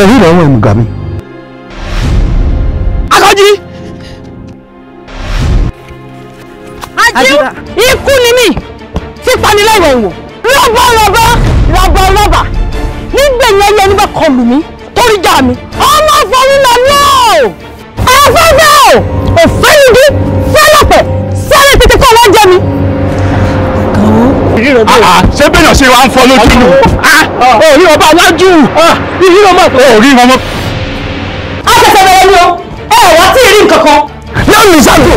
máa rí ìrọ̀rùn ẹ̀mùgà mi. alájí. àjíw ikú ni mí ti panilẹ́yẹ̀ ìwò lọ́gbọ́ lọ́gbọ́ lọ́gbọ́ lọ́gbà nígbà yẹn yẹn níbẹ̀ kọlù mí torí jà mí ọmọ àfọwọ́ náà lọ́ọ̀ afẹ́fẹ́ ò òfin ìdí fẹ́lọ́pẹ̀ sẹ́lẹ̀ tètè ah, kọ́ ah, wọ́n jẹ mi. ṣé bẹ́ẹ̀ náà ṣe wá ń fọ́ lójú nù orí ọba alájú yìí ló mọ̀ pé orí ọmọ. a ṣẹ̀ṣẹ̀ bẹ̀rẹ̀ ni o ẹ wá tí ì rí nǹkan kan. yóò ní sáàdù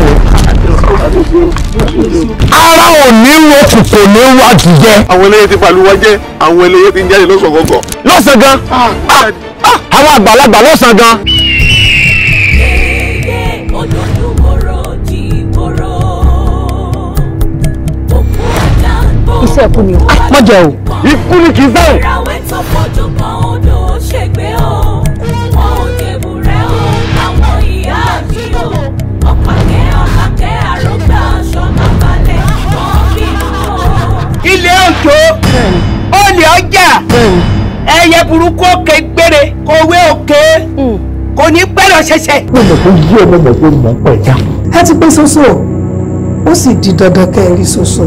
ara ò ní wo kòkò ní wá jùjẹ. àwọn eléyé ti pàlú wá jẹ àwọn eléyé ti ń jáde lọ́sàn gọ́gọ́. lọ́sàn gan ah, ah, ah, àwọn àgbàlagbà lọ́sàn gan. iṣẹ́ kú ni o. mọ̀jẹ̀ o ikú ni kì í sẹ́yìn. ìràwé tó fojú kan odò ṣègbè o wọn ò débù rẹ o àwọn ìyá àbí o ilé òjò olè ọjà ẹyẹ burúkú òkè gbére kòwé òkè hmm. kò ní gbẹ́rọ̀ ṣẹṣẹ. pẹ̀lú kó yí ọmọ mọ̀ pé mọ̀ pẹ̀ já. ẹ ti pé soso ó sì di dandan kẹ́ ẹ rí soso.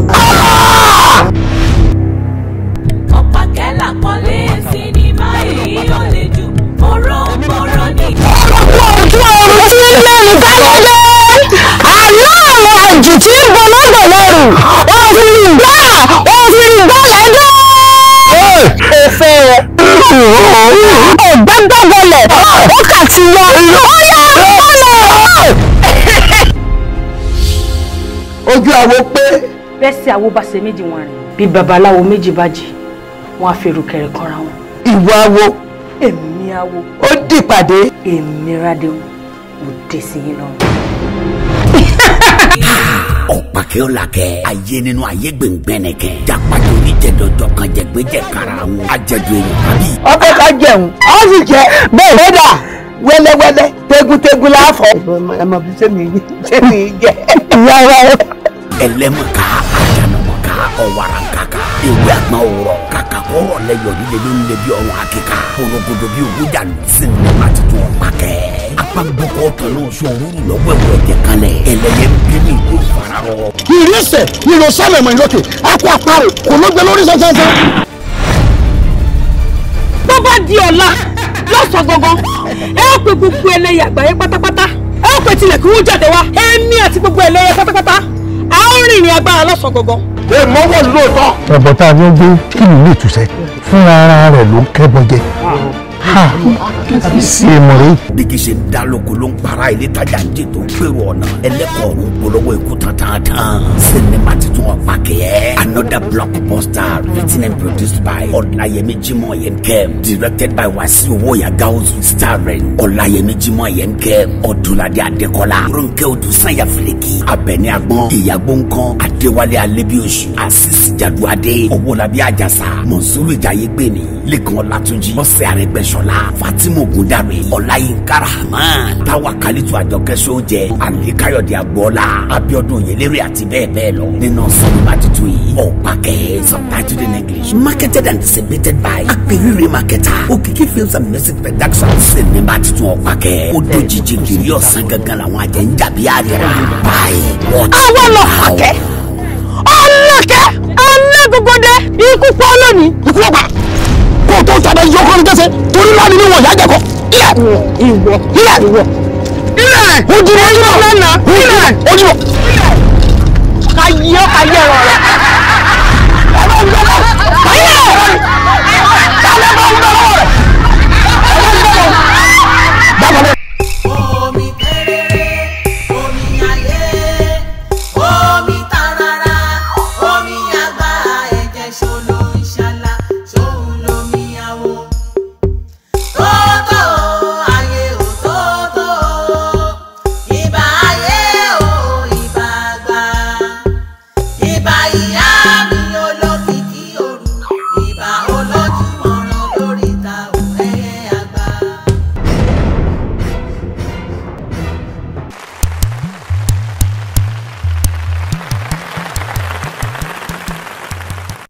ògbẹ́gbẹ́ wọlé ọ̀ọ́kà ti wọ ọ̀yà wọlé. ojú àwo pé. bẹ́ẹ̀ sí àwo bá ṣe méjì wọn rìn bí babaláwo méjì bá jí wọn á fèrò kẹrẹ kanra wọn. ìwọ awo. èmi awo. ó dìpàdé. èmi rádéwò mo dé sí yín lọ́rùn ọ̀pákẹ́ọ̀làkẹ́ ayé nínú ayé gbẹ̀ngbẹ̀nẹ̀kẹ́ jápàjọ oníjẹ̀dọ̀jọ̀ kan jẹ̀gbẹ́jẹ̀ kára wọn àjẹjọ èèyàn tàbí. ọbẹ̀ ká jẹun a sì jẹ bẹ́ẹ̀ lọ́dà wẹ́lẹ́wẹ́lẹ́ tegutegun láàfọ̀. ẹ mọ̀ bí sẹ́mi jẹ́. ìyá wa ẹlẹ́mọ̀ká àjà ọ̀wàràǹkàkà ìwé àgbọn òwúrọ̀ kàkà kọ́rọ̀ lẹ́yọ̀ líle ló ń lé bí ọrùn akíkà ológodo bí ogún jàǹdù sinmi láti tún ọ̀pá kẹ́. apagbọ́kọ̀ ọ̀tàn náà sọ òwúrù lọ́wọ́ ẹ̀wọ̀ ẹ̀jẹ̀ kalẹ̀ ẹlẹ́yẹ ń bí fara rọ. ìrísẹ̀ ìrò sálẹ̀mọ̀ ìlókè akọ àparò kò ló gbẹ lórí sẹ́sẹ́sẹ́. tó bá di ọ̀la lọ́sọ̀ gangan ẹ ó pe gbogbo ẹlẹ́yẹ àgbáyé pátápátá ẹ ó pe tilẹ̀ kí wọ́n jáde wá ẹ mí àti gbogbo ẹlẹ́yẹ pátápátá rìn ní agbára lọ́sàn gangan. ẹ mọ lóòótọ́. ọ̀bọ̀tá ni kí ni ilé ìtúsẹ́ fúnra rẹ̀ ló ń kẹ́bọ jẹ sí ẹ mọ̀ rí. bíkí ṣe ń lóko ló ń para ilé tajà ń jètò gbèrò ọ̀nà ẹlẹ́kọ̀ọ́ ń polówó ikú tantan. sinimá titun ọ̀pá kẹ́. another blockbuster written and produced by ọ̀làyẹmí jimoh yemkem directed by wasiu woya gaozu starring ọ̀làyẹmí jimoh yemkem ọ̀dúnladé adékọ́lá ronke odù sanya filiki abẹni agbọn ìyàgbọ́ nǹkan adéwálé alẹ́bíoṣù asisi jaduade owólabí àjàsà mọ̀nsúrù ìjàyégbèni lẹ́kàn ọ̀làtúnjì Fáṣọlá Fatima Ogundare Ọláyínká Rahman Táwákálítù Àjọkẹ́ Sójẹ́ Àlíkáyọ̀dé Agbọ́lá Abíọ́dún Oyèlérè àti bẹ́ẹ̀ bẹ́ẹ̀ lọ nínú sinimá tuntun yìí ọ̀pákẹ́ subtitled in marketed and distributed by Aperire Marketer Òkìkí Films and Music Productions sinimá tuntun ọ̀pákẹ́ ó dojijì kiri ọ̀sán gangan làwọn àjẹ́ ń jàbí àríra báyìí wọ́n olórí ni mi wọ̀ yájẹ̀kọ́ ilẹ̀ ilẹ̀ ilẹ̀ ojúmọ̀ ojúmọ̀ ojúmọ̀ ojúmọ̀ kayé kayé rọrẹ.